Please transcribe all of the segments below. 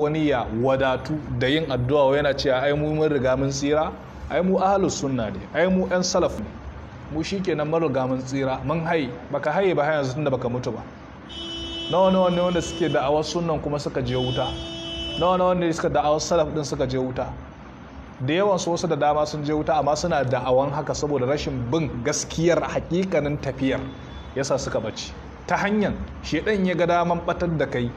wani ya wadatu da yin addu'a yana cewa ai mu mun riga mun tsira ai mu ahlus sunna ne ai mu ɗan salaf ne mu shikenan mun riga mun tsira mun haye baka haye ba har yanzu tunda baka mutu ba nawa nawa ne wanda suke da'awar sunnan kuma suka je wuta nawa nawa ne suka da'awar salaf din suka je wuta da yawan su wasu da dama sun je wuta amma suna da'awan haka saboda rashin bin gaskiyar hakikanin tafiyar yasa suka bace ta hanyar shedan ya ga daman batar da kai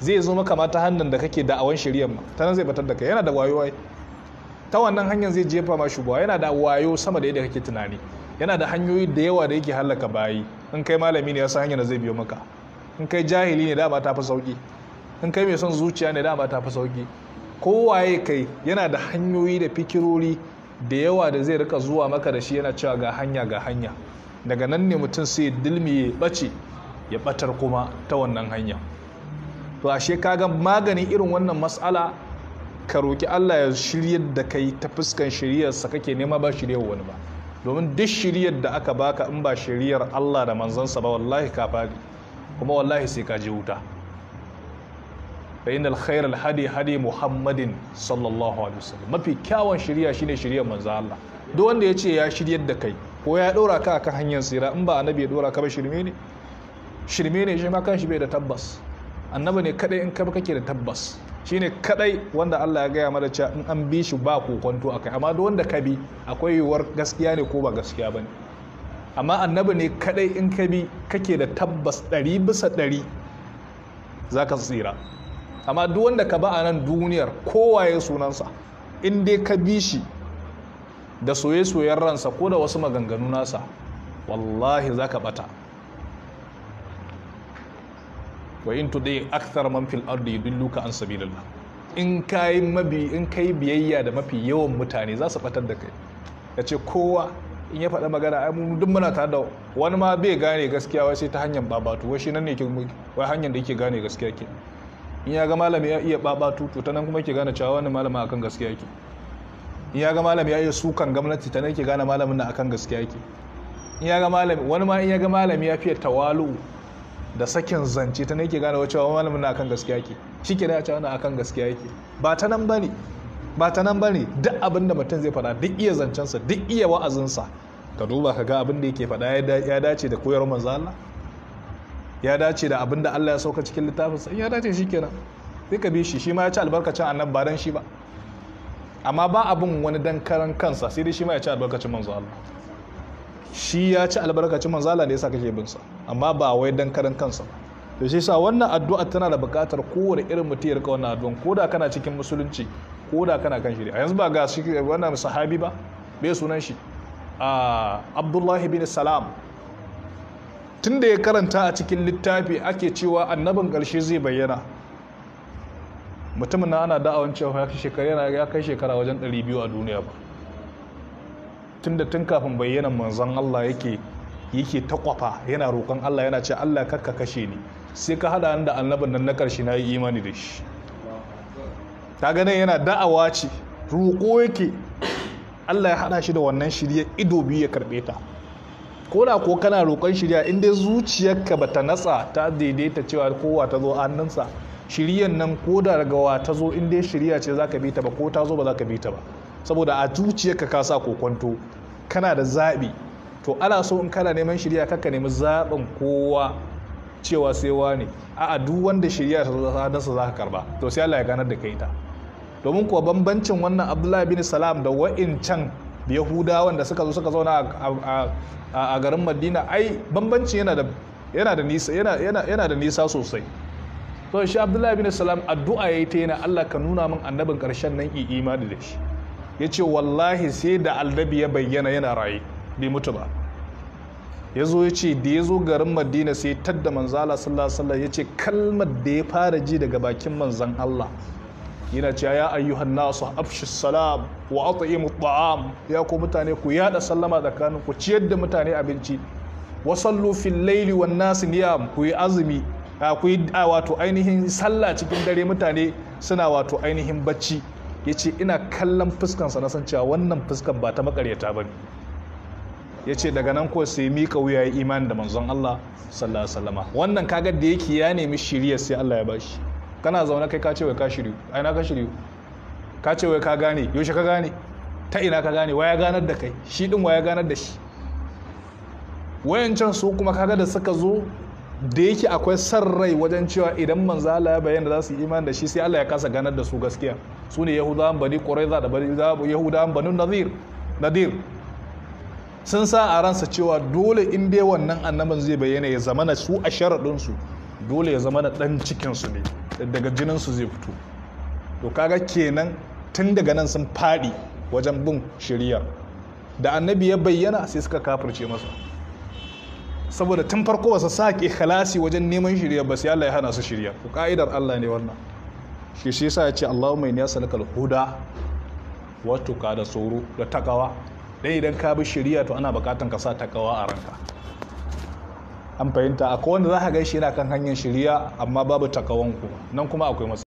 zai zo maka ma ta hannun da kake da'awan shari'ar ma ta nan zai batar da kai yana da wayo ai ta wannan hanyar zai jefa ma shugaba yana da wayo sama da yadda kake tunani yana da hanyoyi da yawa da yake hallaka bayi in kai malami ne ya san hanyar da zai biyo maka in kai jahili ne dama ta fi sauki in kai mai son zuciya ne dama ta fi sauki kowaye kai yana da hanyoyi da fikirori da yawa da zai rika zuwa maka da shi yana cewa ga hanya ga hanya daga nan ne mutum sai dilmi ya bace ya batar kuma ta wannan hanya to ashe kaga magani irin wannan matsala ka roki Allah ya shiryar da kai ta fuskan sa kake nema ba shiryar wani ba domin duk shiryar da aka baka in ba shiryar Allah da manzansa ba wallahi ka fadi kuma wallahi sai ka ji wuta bayin alkhair alhadi hadi muhammadin sallallahu alaihi wasallam mafi kyawun shiriya shine shiryar manzo Allah duk wanda yace ya shiryar da kai ko ya dora ka akan hanyar tsira in ba annabi ya dora ka ba shirme ne shirme ne shi ma kanshi bai da tabbas annabi ne kadai in kaba kake da tabbas shine kadai wanda Allah ya gaya mana cewa in an bi shi ba kokonto akai amma duk wanda ka bi akwai yiwuwar gaskiya ne ko ba gaskiya bane amma annabi ne kadai in ka bi kake da tabbas ɗari bisa ɗari za ka tsira amma duk wanda ka ba a nan duniyar kowaye sunansa in dai ka bi shi da soye-soyen ransa ko da wasu maganganu nasa wallahi za ka bata wa in tu dai akthar man fil ardi yudilluka an sabilillah in kai mabi in kai biyayya da mafi yawan mutane za su batar da kai yace kowa in ya faɗa magana ai mun duk muna tare da wani ma bai gane gaskiya wai sai ta hanyar babatu wai shi nan ne ke wai hanyar da yake gane gaskiya ke in ya ga malami ya iya babatu to ta nan kuma ke gane cewa wani malami akan gaskiya ke in ya ga malami ya iya sukan gwamnati ta nan ke gane malamin na akan gaskiya ke in ya ga malami wani ma in ya ga malami ya fiye tawalu da sakin zance ta ne ke gane wa malamin na akan gaskiya ke shi ke da cewa na akan gaskiya ke ba ta nan bane ba ta nan bane duk abin da mutum zai faɗa duk iya zancensa duk iya wa'azinsa ka duba ka ga abin da yake faɗa ya dace da koyar manzo Allah ya dace da abin da Allah ya sauka cikin littafinsa ya dace shi kenan sai ka bi shi shi ma ya ci albarkacin annabi ba dan shi ba amma ba abin wani dan karan kansa sai dai shi ma ya ci albarkacin manzo Allah shi ya ci albarkacin manzo Allah ne yasa kake bin sa amma ba wai dan karan kansa to shi sa wannan addu'a tana da buƙatar kowane irin mutum ya rika wannan addu'a ko da kana cikin musulunci ko da kana kan shirya yanzu ba ga shi wannan sahabi ba bai sunan shi a abdullahi bin salam tun da ya karanta a cikin littafi ake cewa annabin ƙarshe zai bayyana mutumin na ana da'awan cewa ya kai shekara yana ya kai shekara wajen 200 a duniya ba tun da tun kafin bayyanan manzon Allah yake yake ta kwafa yana roƙon Allah yana ce Allah karka kashe ni sai ka hada da annabin nan na ƙarshe na yi imani da shi ta ganin yana da'awa ce roƙo yake Allah ya hada shi da wannan shirya ido biyu ya karɓe ta ko da ko kana roƙon shirya in dai zuciyarka ba ta natsa ta daidaita cewa kowa ta zo hannunsa shiryan nan ko da gawa ta zo in dai shirya ce zaka bi ta ba ko ta zo ba zaka bi ta ba saboda a zuciyarka ka sa kokonto kana da zaɓi to ana so in kana neman shirya kakka nemi zaɓin kowa cewa sai wani a'a duk wanda shirya ta za zaka karba to sai Allah ya ganar da kai ta domin kuwa bambancin wannan Abdullahi bin Salam da wa'incan Yahudawan da suka zo suka zauna a garin Madina ai bambanci yana da yana da nisa yana yana yana da nisa sosai to shi Abdullahi bin Salam addu'a yayi ta yana Allah ka nuna min annabin karshen nan imani da shi yace wallahi sai da aldabi ya bayyana yana raye bai mutu ba ya zo ya ce da ya zo garin madina sai ya tadda manzala sallallahu ya ce kalmar da ya fara ji daga bakin manzan allah yana cewa ya ayyuhan nasu afshi salam wa at'imu at'am ya ku mutane ku yada sallama tsakanin ku ciyar da mutane abinci wa sallu fil laili wan nas niyam ku yi azumi ku yi wato ainihin sallah cikin dare mutane suna wato ainihin bacci yace ina kallon fuskansa na san cewa wannan fuskan ba ta makaryata bane ya ce daga nan ko sai mika wuya ya imani da manzon Allah sallallahu alaihi wasallama wannan kaga da yake ya nemi shiriyar sai Allah ya bashi kana zaune kai ka ce wai ka shiryu ai na ka shiryu ka ce wai ka gane yaushe ka gane ta ina ka gane waya ganar da kai shi din waya ganar da shi wayancan su kuma kaga da suka zo da yake akwai san rai wajen cewa idan manzo Allah ya bayyana za su yi imani da shi sai Allah ya kasa ganar da su gaskiya su ne yahudawan bani quraiza da bani yahudawan banu nadir nadir sun sa a ransa cewa dole in dai wannan annaban zai bayyana ya zamana su a sharaɗinsu dole ya zamana ɗan cikinsu ne daga jininsu zai fito to kaga kenan tun daga nan sun faɗi wajen bin shirya da annabi ya bayyana sai suka kafirce masa saboda tun farko wasu sa ke halasi wajen neman shirya ba sai Allah ya hana su shirya ku ka'idar Allah ne wannan shi shi yasa ya ce Allahumma inni as'aluka al-huda wa tuqa da tsoro da takawa dan idan ka bi shari'a to ana bukatan ka sa takawa a ranka an fahimta akwai wanda za ka gaishe yana kan hanyar shari'a amma babu takawan ku nan kuma akwai matsala